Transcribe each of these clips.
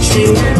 心。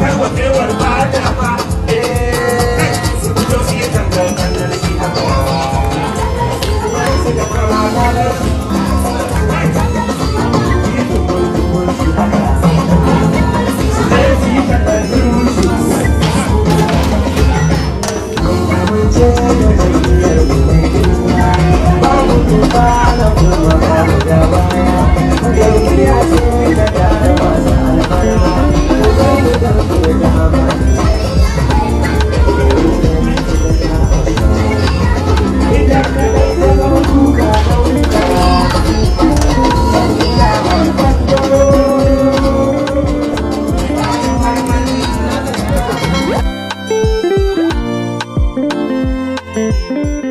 Bye. Música